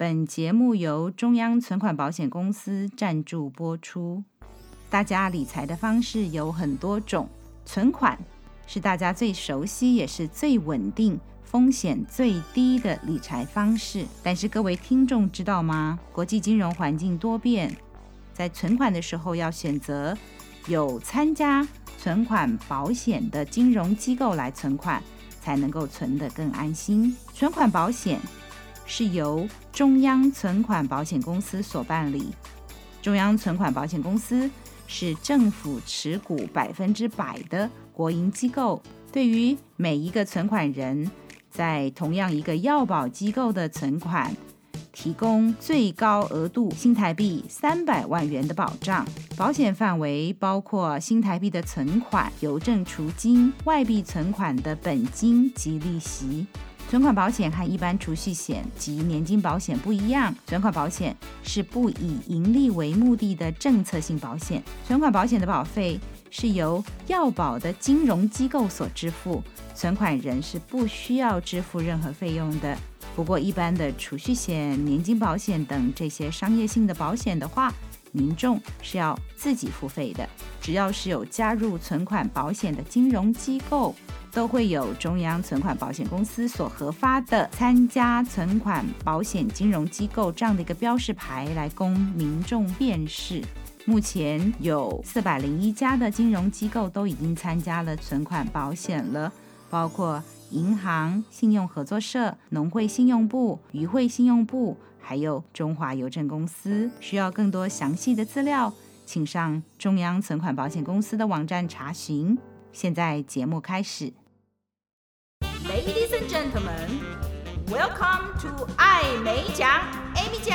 本節目由中央存款保險公司贊助播出。大家理財的方式有很多種，存款是大家最熟悉也是最穩定、風險最低的理財方式。但是各位聽眾知道嗎？國際金融環境多變，在存款的時候要選擇有參加存款保險的金融機構來存款，才能夠存得更安心。存款保險。是由中央存款保險公司所辦理。中央存款保險公司是政府持股百分之百的國營機構，對於每一個存款人，在同樣一個要保機構的存款，提供最高額度新台幣三百萬元的保障。保險範圍包括新台幣的存款、郵政儲金、外幣存款的本金及利息。存款保險和一般儲蓄險及年金保險不一樣，存款保險是不以盈利為目的的政策性保險。存款保險的保費是由要保的金融機構所支付，存款人是不需要支付任何費用的。不過一般的儲蓄險、年金保險等這些商業性的保險的話，民眾是要自己付費的。只要是有加入存款保險的金融機構，都會有中央存款保險公司所核發的參加存款保險金融機構這樣的一個標識牌來供民眾辨識。目前有四百零一家的金融機構都已經參加了存款保險了，包括銀行、信用合作社、農會信用部、漁會信用部。還有中華郵政公司，需要更多詳細的資料，請上中央存款保險公司的網站查詢。現在節目開始。Ladies and gentlemen, welcome to 艾美獎。Amy 獎。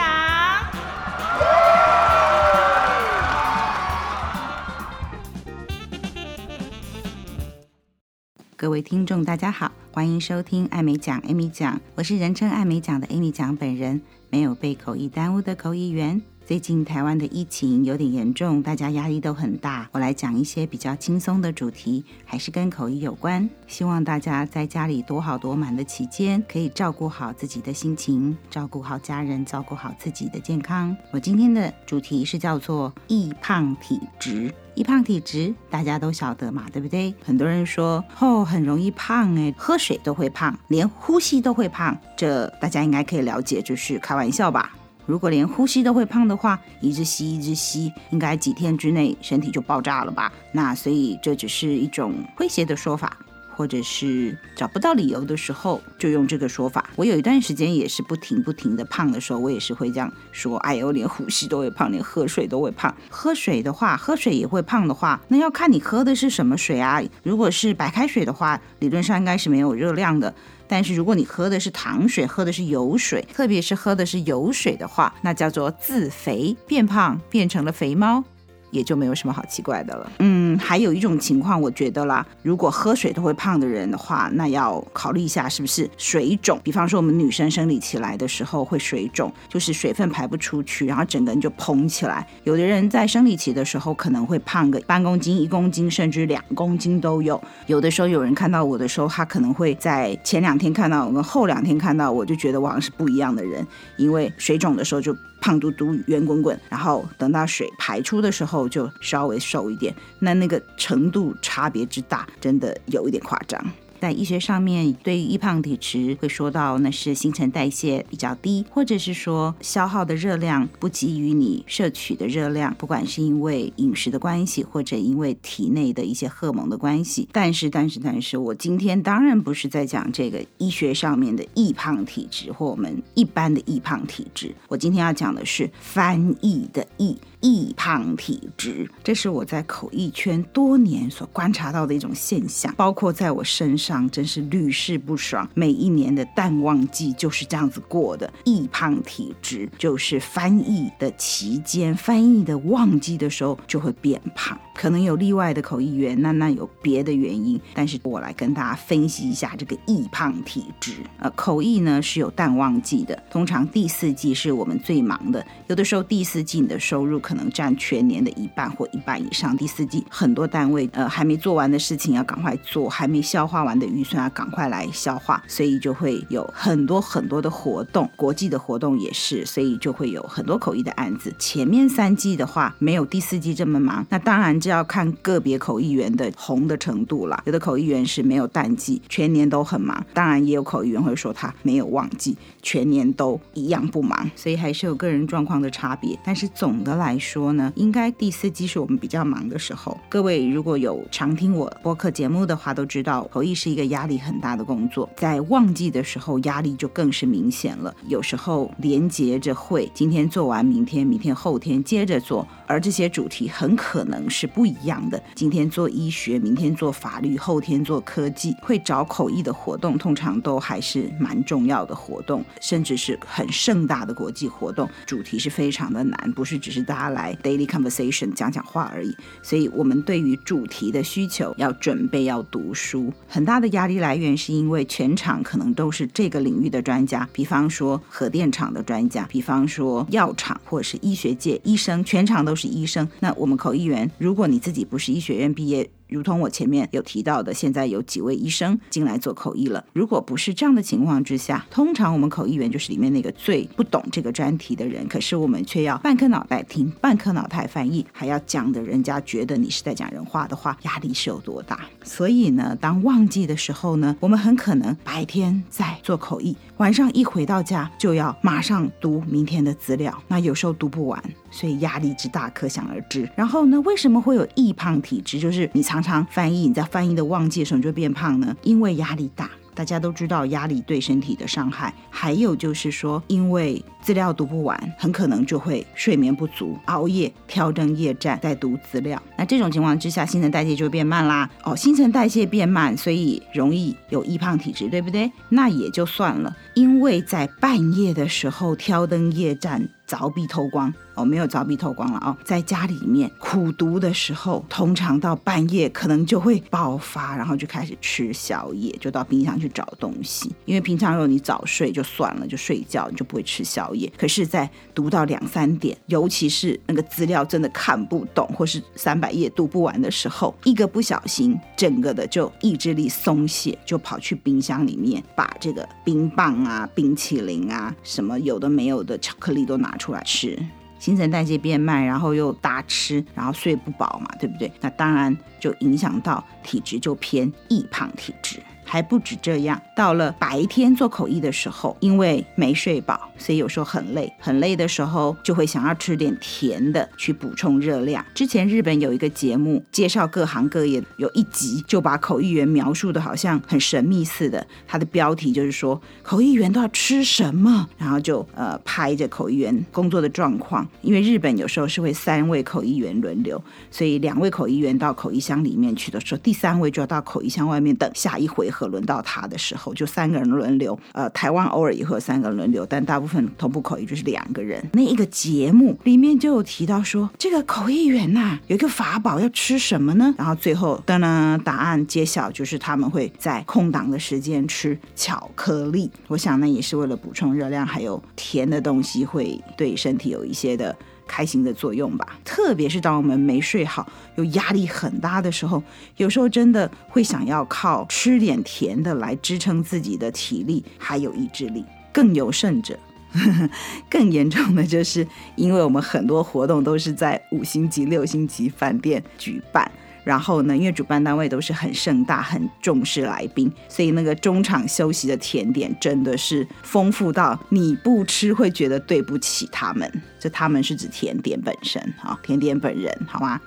各位聽眾，大家好。歡迎收聽愛美講，Amy 講，我是人稱愛美講的 Amy 講本人，沒有被口譯耽誤的口譯員。最近台灣的疫情有點嚴重，大家壓力都很大。我來講一些比較輕鬆的主題，還是跟口譯有關。希望大家在家裡躲好躲滿的期間，可以照顧好自己的心情，照顧好家人，照顧好自己的健康。我今天的主題是叫做易胖體質。易胖體質大家都曉得嘛，對不對？很多人說哦，很容易胖哎，喝水都會胖，連呼吸都會胖。這大家應該可以了解，就是開玩笑吧。如果連呼吸都會胖的話，一直吸一直吸，應該幾天之內身體就爆炸了吧？那所以這只是一種詼諧的說法，或者是找不到理由的時候就用這個說法。我有一段時間也是不停不停的胖的時候，我也是會這樣說：哎呦，連呼吸都會胖，連喝水都會胖。喝水的話，喝水也會胖的話，那要看你喝的是什麼水啊？如果是白開水的話，理論上應該是沒有熱量的。但是如果你喝的是糖水，喝的是油水，特別是喝的是油水的話，那叫做自肥，變胖，變成了肥貓，也就沒有什麼好奇怪的了。嗯。還有一種情況，我覺得啦，如果喝水都會胖的人的話，那要考慮一下是不是水腫。比方說，我們女生生理期來的時候會水腫，就是水分排不出去，然後整個人就膨起來。有的人在生理期的時候可能會胖個半公斤、一公斤，甚至兩公斤都有。有的時候有人看到我的時候，他可能會在前兩天看到我，跟後兩天看到我就覺得我好像是不一樣的人，因為水腫的時候就，胖嘟嘟、圓滾滾，然後等到水排出的時候就稍微瘦一點，那那個程度差別之大，真的有一點誇張。在醫學上面，對於易胖體質會說到那是新陳代謝比較低，或者是說消耗的熱量不及於你攝取的熱量，不管是因為飲食的關係，或者因為體內的一些荷爾蒙的關係。但是，但是，但是我今天當然不是在講這個醫學上面的易胖體質，或我們一般的易胖體質。我今天要講的是翻譯的譯易胖體質，這是我在口譯圈多年所觀察到的一種現象，包括在我身上，真是屢試不爽。每一年的淡旺季就是這樣子過的。易胖體質就是翻譯的期間，翻譯的旺季的時候就會變胖，可能有例外的口譯員，那那有別的原因。但是我來跟大家分析一下這個易胖體質。呃，口譯呢是有淡旺季的，通常第四季是我們最忙的，有的時候第四季你的收入可能能佔全年的一半或一半以上。第四季很多單位呃還沒做完的事情要趕快做，還沒消化完的預算要趕快來消化，所以就會有很多很多的活動，國際的活動也是，所以就會有很多口譯的案子。前面三季的話沒有第四季這麼忙，那當然這要看個別口譯員的紅的程度了。有的口譯員是沒有淡季，全年都很忙，當然也有口譯員會說他沒有旺季，全年都一樣不忙，所以還是有個人狀況的差別。但是總的來，說呢，應該第四季是我們比較忙的時候。各位如果有常聽我播客節目的話，都知道口譯是一個壓力很大的工作，在旺季的時候壓力就更是明顯了。有時候連接着會今天做完，明天、明天後天接着做，而這些主題很可能是不一樣的。今天做醫學，明天做法律，後天做科技。會找口譯的活動通常都還是蠻重要的活動，甚至是很盛大的國際活動，主題是非常的難，不是只是大家。來 daily conversation 講講話而已，所以我們對於主題的需求，要準備，要讀書。很大的壓力來源是因為全場可能都是這個領域的專家，比方說核電廠的專家，比方說藥廠或者是醫學界醫生，全場都是醫生，那我們口譯員，如果你自己不是醫學院畢業。如同我前面有提到的，現在有幾位醫生進來做口譯了。如果不是這樣的情況之下，通常我們口譯員就是裡面那個最不懂這個專題的人。可是我們卻要半顆腦袋聽，半顆腦袋翻譯，還要講的人家覺得你是在講人話的話，壓力是有多大。所以呢，當旺季的時候呢，我們很可能白天在做口譯，晚上一回到家就要馬上讀明天的資料，那有時候讀不完。所以壓力之大可想而知。然後呢，為什麼會有易胖體質？就是你常常翻譯，你在翻譯的旺季的時候就變胖呢？因為壓力大，大家都知道壓力對身體的傷害。還有就是說，因為資料讀不完，很可能就會睡眠不足，熬夜挑燈夜戰在讀資料。那這種情況之下，新陳代謝就變慢啦。哦，新陳代謝變慢，所以容易有易胖體質，對不對？那也就算了，因為在半夜的時候挑燈夜戰。鑿壁偷光哦，沒有鑿壁偷光了哦，在家裡面苦讀的時候，通常到半夜可能就會爆發，然後就開始吃宵夜，就到冰箱去找東西。因為平常如果你早睡就算了，就睡覺，你就不會吃宵夜。可是，在讀到兩三點，尤其是那個資料真的看不懂，或是三百頁讀不完的時候，一個不小心，整個的就意志力鬆懈，就跑去冰箱裡面把這個冰棒啊、冰淇淋啊、什麼有的沒有的巧克力都拿。出來吃，新陳代謝變慢，然後又大吃，然後睡不飽嘛，對不對？那當然就影響到體質，就偏易胖體質。還不止這樣，到了白天做口譯的時候，因為沒睡飽，所以有時候很累。很累的時候，就會想要吃點甜的去補充熱量。之前日本有一個節目介紹各行各業，有一集就把口譯員描述的好像很神秘似的。它的標題就是說口譯員都要吃什麼，然後就呃拍着口譯員工作的狀況。因為日本有時候是會三位口譯員輪流，所以兩位口譯員到口譯箱裡面去的時候，第三位就要到口譯箱外面等下一回合。可輪到他的時候，就三個人輪流。呃，台灣偶爾也會有三個人輪流，但大部分同步口譯就是兩個人。那一個節目裡面就有提到說，這個口譯員吶、啊、有一個法寶，要吃什麼呢？然後最後，當呢，答案揭曉，就是他們會在空檔的時間吃巧克力。我想呢，也是為了補充熱量，還有甜的東西會對身體有一些的。開心的作用吧，特別是當我們沒睡好、有壓力很大的時候，有時候真的會想要靠吃點甜的來支撐自己的體力，還有意志力。更有甚者， 更嚴重的就是，因為我們很多活動都是在五星級、六星級飯店舉辦。然後呢，因為主辦單位都是很盛大、很重視來賓，所以那個中場休息的甜點真的是豐富到你不吃會覺得對不起他們。就他們是指甜點本身啊，甜點本人好嗎？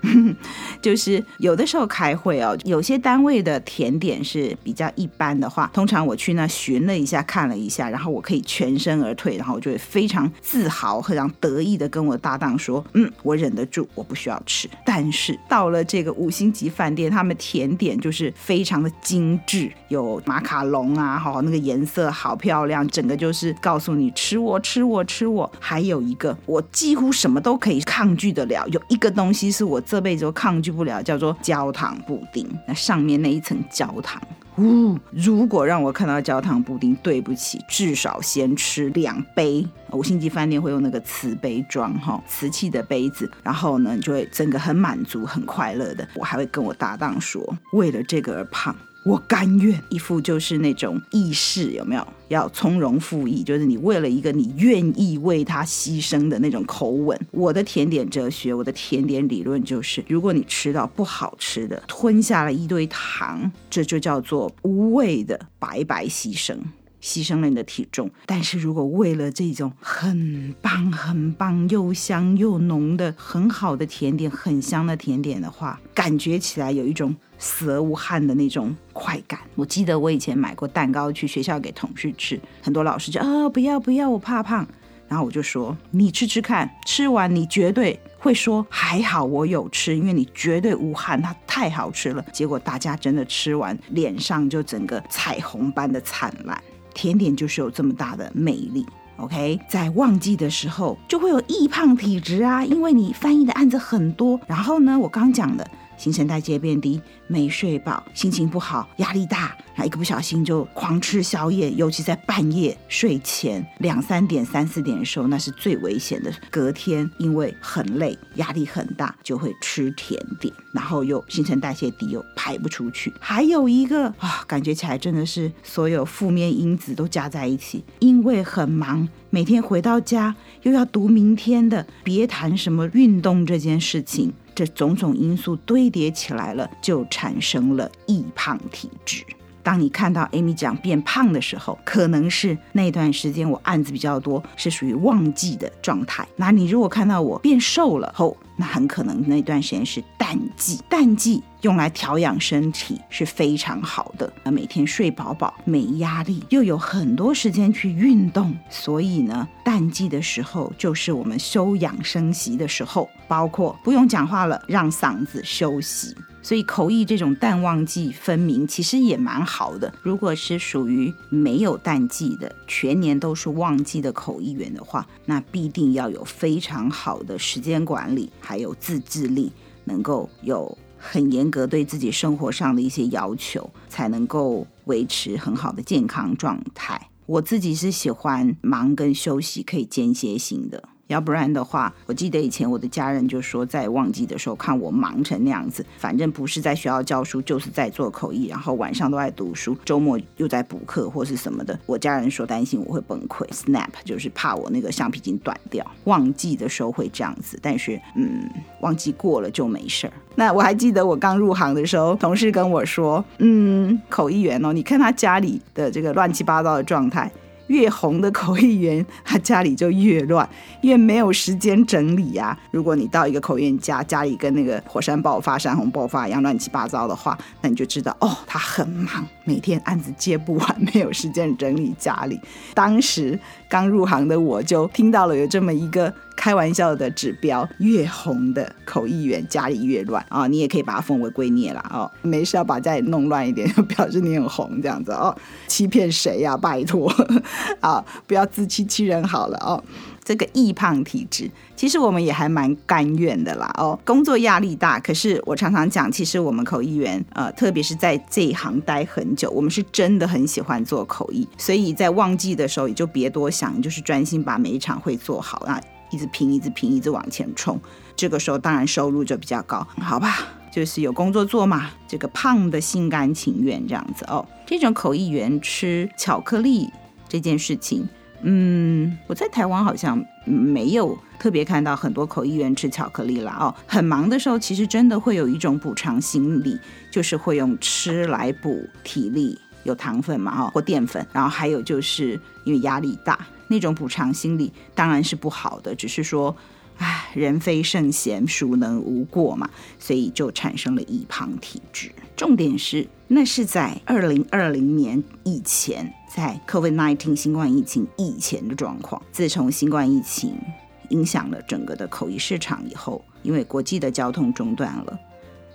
就是有的時候開會哦，有些單位的甜點是比較一般的話，通常我去那巡了一下、看了一下，然後我可以全身而退，然後我就會非常自豪、非常得意的跟我搭檔說：“嗯，我忍得住，我不需要吃。”但是到了這個五星。級飯店，他們甜點就是非常的精致，有馬卡龍啊，好、哦，那個顏色好漂亮，整個就是告訴你吃我吃我吃我。還有一個，我幾乎什麼都可以抗拒得了，有一個東西是我這輩子都抗拒不了，叫做焦糖布丁，那上面那一層焦糖。嗚，如果讓我看到焦糖布丁，對不起，至少先吃兩杯。五星級飯店會用那個瓷杯裝，哈，瓷器的杯子，然後呢，就會整個很滿足、很快樂的。我還會跟我搭檔說，為了這個而胖。我甘願一副就是那種義士有沒有？要從容赴義，就是你為了一個你願意為他犧牲的那種口吻。我的甜點哲學，我的甜點理論就是：如果你吃到不好吃的，吞下了一堆糖，這就叫做無謂的白白犧牲。犧牲了你的體重，但是如果為了這種很棒很棒又香又濃的很好的甜點，很香的甜點的話，感覺起來有一種死而無憾的那種快感。我記得我以前買過蛋糕去學校給同事吃，很多老師就啊、哦、不要不要，我怕胖。然後我就說你吃吃看，吃完你絕對會說還好我有吃，因為你絕對無憾，它太好吃了。結果大家真的吃完，臉上就整個彩虹般的燦爛。甜點就是有這麼大的魅力，OK，在旺季的時候就會有易胖體質啊，因為你翻譯的案子很多，然後呢，我剛講的。新陳代謝變低，沒睡飽，心情不好，壓力大，一個不小心就狂吃宵夜，尤其在半夜睡前兩三點、三四點的時候，那是最危險的。隔天因為很累，壓力很大，就會吃甜點，然後又新陳代謝低，又排不出去。還有一個啊，哦，感覺起來真的是所有負面因子都加在一起，因為很忙，每天回到家又要讀明天的，別談什麼運動這件事情。這種種因素堆疊起來了，就產生了易胖體質。當你看到 Amy 講變胖的時候，可能是那段時間我案子比較多，是屬於旺季的狀態。那你如果看到我變瘦了後，那很可能那段時間是淡季。淡季用來調養身體是非常好的，那每天睡飽飽，沒壓力，又有很多時間去運動。所以呢，淡季的時候就是我們休養生息的時候，包括不用講話了，讓嗓子休息。所以口譯這種淡旺季分明，其實也蠻好的。如果是屬於沒有淡季的，全年都是旺季的口譯員的話，那必定要有非常好的時間管理，還有自制力，能夠有很嚴格對自己生活上的一些要求，才能夠維持很好的健康狀態。我自己是喜歡忙跟休息可以間歇性的。要不然的話，我記得以前我的家人就說，在旺季的時候看我忙成那樣子，反正不是在學校教書，就是在做口譯，然後晚上都在讀書，週末又在補課或是什麼的。我家人說擔心我會崩潰，snap，就是怕我那個橡皮筋斷掉。旺季的時候會這樣子，但是嗯，旺季過了就沒事兒。那我還記得我剛入行的時候，同事跟我說，嗯，口譯員哦，你看他家裡的這個亂七八糟的狀態。越紅的口譯員，他家裡就越亂，越沒有時間整理呀、啊。如果你到一個口譯員家家裡跟那個火山爆發、山洪爆發一樣亂七八糟的話，那你就知道哦，他很忙，每天案子接不完，沒有時間整理家裡。當時剛入行的我就聽到了有這麼一個。開玩笑的指標，越紅的口譯員家裡越亂啊、哦！你也可以把它奉為圭臬啦哦。沒事要把家裡弄亂一點，就表示你很紅這樣子哦。欺騙誰呀、啊？拜託啊、哦！不要自欺欺人好了哦。這個易胖體質，其實我們也還蠻甘願的啦哦。工作壓力大，可是我常常講，其實我們口譯員呃，特別是在這一行待很久，我們是真的很喜歡做口譯，所以在旺季的時候也就別多想，就是專心把每一場會做好啊。一直拼，一直拼，一直往前衝。這個時候當然收入就比較高，好吧？就是有工作做嘛。這個胖的心甘情願這樣子哦。這種口譯員吃巧克力這件事情，嗯，我在台灣好像沒有特別看到很多口譯員吃巧克力啦哦。很忙的時候，其實真的會有一種補償心理，就是會用吃來補體力，有糖分嘛哈，哦，或澱粉。然後還有就是因為壓力大。那種補償心理當然是不好的，只是說，唉，人非聖賢，孰能無過嘛，所以就產生了易胖體質。重點是，那是在二零二零年以前，在 COVID-19 新冠疫情以前的狀況。自從新冠疫情影響了整個的口譯市場以後，因為國際的交通中斷了，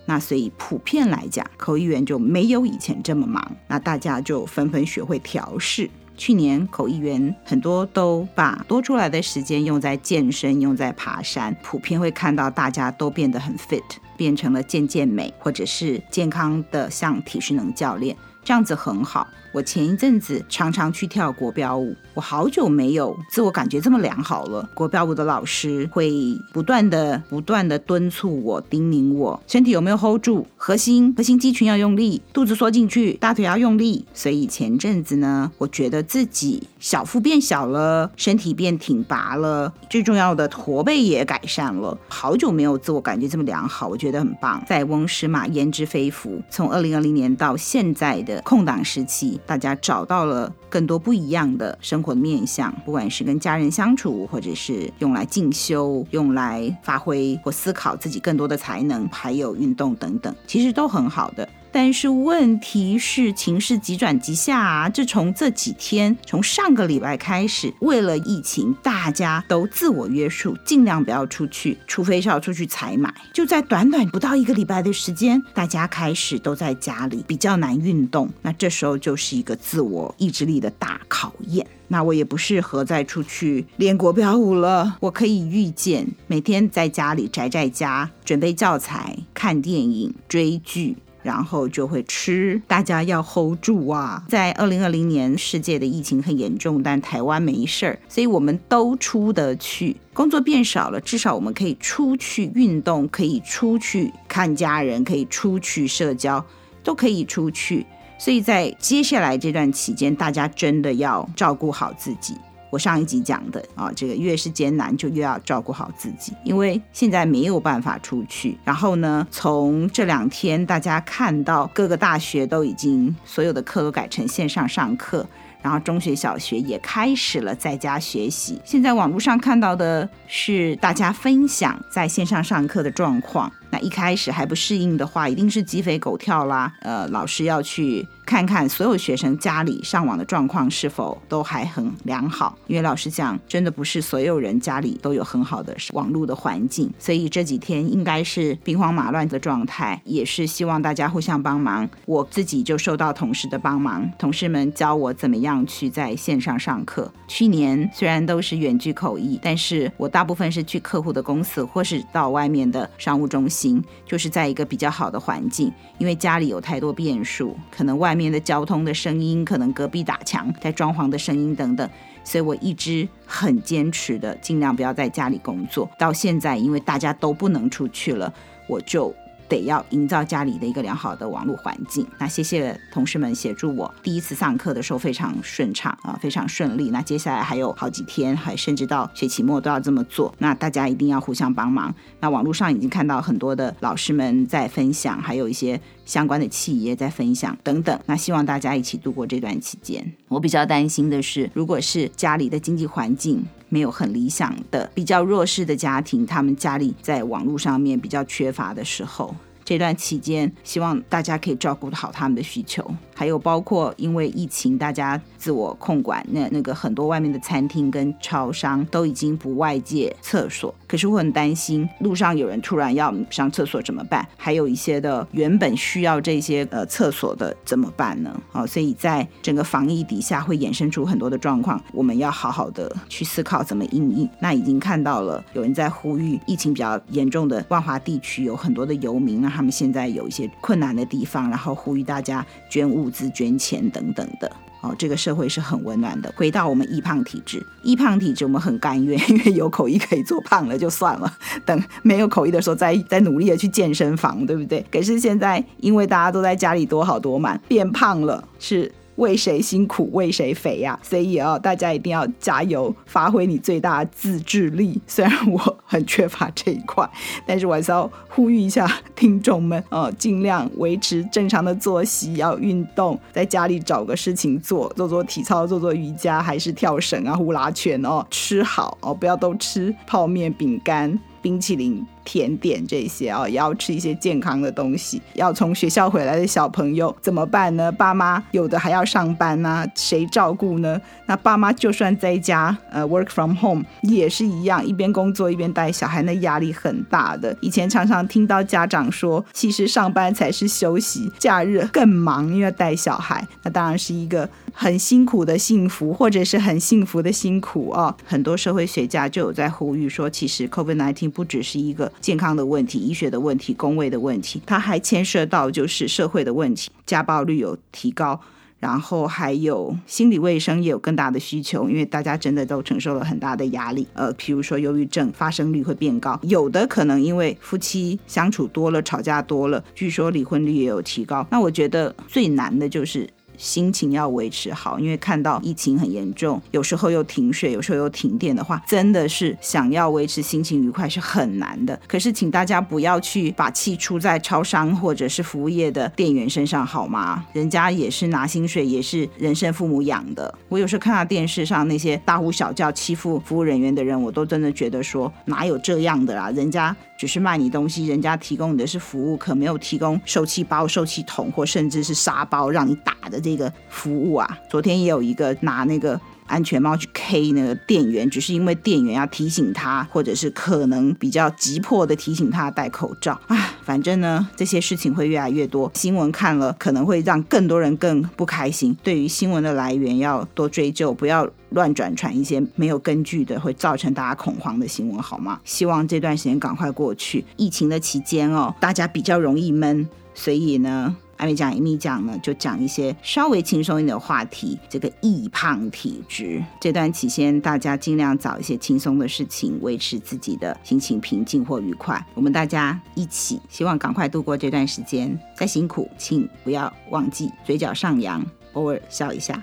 那所以普遍來講，口譯員就沒有以前這麼忙，那大家就紛紛學會調試。去年口譯員很多都把多出來的時間用在健身，用在爬山，普遍會看到大家都變得很 fit，變成了健健美，或者是健康的像體適能教練。這樣子很好。我前一陣子常常去跳國標舞，我好久沒有自我感覺這麼良好了。國標舞的老師會不斷的、不斷的敦促我、叮嚀我，身體有沒有 hold 住？核心、核心肌群要用力，肚子縮進去，大腿要用力。所以前陣子呢，我覺得自己小腹變小了，身體變挺拔了，最重要的駝背也改善了。好久沒有自我感覺這麼良好，我覺得很棒。塞翁失馬，焉知非福？從二零二零年到現在的。空檔時期，大家找到了更多不一樣的生活的面向，不管是跟家人相處，或者是用來進修、用來發揮或思考自己更多的才能，還有運動等等，其實都很好的。但是問題是，情勢急轉直下啊！就從這幾天，從上個禮拜開始，為了疫情，大家都自我約束，盡量不要出去，除非是要出去採買。就在短短不到一個禮拜的時間，大家開始都在家裡，比較難運動。那這時候就是一個自我意志力的大考驗。那我也不適合再出去練國標舞了。我可以預見，每天在家裡宅在家，準備教材、看電影、追劇。然後就會吃，大家要 hold 住啊！在二零二零年，世界的疫情很嚴重，但台灣沒事兒，所以我們都出得去。工作變少了，至少我們可以出去運動，可以出去看家人，可以出去社交，都可以出去。所以在接下來這段期間，大家真的要照顧好自己。我上一集講的啊、哦，這個越是艱難就越要照顧好自己，因為現在沒有辦法出去。然後呢，從這兩天大家看到各個大學都已經所有的課都改成線上上課，然後中學、小學也開始了在家學習。現在網絡上看到的是大家分享在線上上課的狀況。那一開始還不適應的話，一定是雞飛狗跳啦。呃，老師要去。看看所有學生家裡上網的狀況是否都還很良好，因為老實講，真的不是所有人家裡都有很好的網絡的環境，所以這幾天應該是兵荒馬亂的狀態，也是希望大家互相幫忙。我自己就受到同事的幫忙，同事們教我怎麼樣去在線上上課。去年雖然都是遠距口譯，但是我大部分是去客戶的公司，或是到外面的商務中心，就是在一個比較好的環境，因為家裡有太多變數，可能外。外面的交通的聲音，可能隔壁打牆在裝潢的聲音等等，所以我一直很堅持的，儘量不要在家裡工作。到現在，因為大家都不能出去了，我就。得要營造家裡的一個良好的網絡環境。那謝謝同事們協助我，第一次上課的時候非常順暢啊，非常順利。那接下來還有好幾天，還甚至到學期末都要這麼做。那大家一定要互相幫忙。那網絡上已經看到很多的老師們在分享，還有一些相關的企業在分享等等。那希望大家一起度過這段期間。我比較擔心的是，如果是家裡的經濟環境。沒有很理想的，比較弱勢的家庭，他們家裡在網絡上面比較缺乏的時候，這段期間，希望大家可以照顧好他們的需求，還有包括因為疫情，大家自我控管，那那個很多外面的餐廳跟超商都已經不外借廁所，可是我很擔心路上有人突然要上廁所怎麼辦？還有一些的原本需要這些呃廁所的怎麼辦呢？啊、哦，所以在整個防疫底下會衍生出很多的狀況，我們要好好的去思考怎麼應應。那已經看到了有人在呼籲，疫情比較嚴重的萬華地區有很多的遊民啊。他們現在有一些困難的地方，然後呼籲大家捐物資、捐錢等等的。哦，這個社會是很溫暖的。回到我們易胖體質，易胖體質我們很甘願，因為有口譯可以做胖了就算了，等沒有口譯的時候再再努力的去健身房，對不對？可是現在因為大家都在家裡多好多嘛，變胖了是。為誰辛苦為誰肥呀、啊？所以啊、哦，大家一定要加油，發揮你最大的自制力。雖然我很缺乏這一塊，但是我還是要呼籲一下聽眾們啊、哦，盡量維持正常的作息，要運動，在家裡找個事情做，做做體操，做做瑜伽，還是跳繩啊、呼啦圈哦。吃好哦，不要都吃泡麵、餅乾、冰淇淋。甜點這些啊、哦，也要吃一些健康的東西。要從學校回來的小朋友怎麼辦呢？爸媽有的還要上班呢、啊，誰照顧呢？那爸媽就算在家，呃，work from home 也是一樣，一邊工作一邊帶小孩，那壓力很大的。以前常常聽到家長說，其實上班才是休息，假日更忙，因為要帶小孩。那當然是一個很辛苦的幸福，或者是很幸福的辛苦啊、哦。很多社會學家就有在呼籲說，其實 COVID-19 不只是一個。健康的問題、醫學的問題、公衛的問題，它還牽涉到就是社會的問題。家暴率有提高，然後還有心理衛生也有更大的需求，因為大家真的都承受了很大的壓力。呃，比如說憂鬱症發生率會變高，有的可能因為夫妻相處多了、吵架多了，據說離婚率也有提高。那我覺得最難的就是。心情要維持好，因為看到疫情很嚴重，有時候又停水，有時候又停電的話，真的是想要維持心情愉快是很難的。可是，請大家不要去把氣出在超商或者是服務業的店員身上，好嗎？人家也是拿薪水，也是人生父母養的。我有時候看到電視上那些大呼小叫欺負服務人員的人，我都真的覺得說哪有這樣的啦？人家只是賣你東西，人家提供你的是服務，可沒有提供受氣包、受氣桶或甚至是沙包讓你打的。這個服務啊，昨天也有一個拿那個安全帽去 K 那個店員，只是因為店員要提醒他，或者是可能比較急迫的提醒他戴口罩啊。反正呢，這些事情會越來越多，新聞看了可能會讓更多人更不開心。對於新聞的來源要多追究，不要亂轉傳一些沒有根據的，會造成大家恐慌的新聞，好嗎？希望這段時間趕快過去。疫情的期間哦，大家比較容易悶，所以呢。艾美講，艾美講呢，就講一些稍微輕鬆一點的話題，這個易胖體質。這段期間大家盡量找一些輕鬆的事情，維持自己的心情平靜或愉快。我們大家一起，希望趕快度過這段時間。再辛苦，請不要忘記嘴角上揚，偶爾笑一下。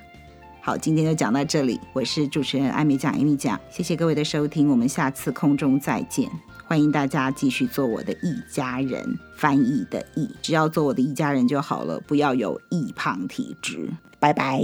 好，今天就講到這裡。我是主持人艾美講，艾美講，謝謝各位的收聽，我們下次空中再見。歡迎大家繼續做我的譯家人，翻譯的譯，只要做我的譯家人就好了，不要有易胖體質。拜拜。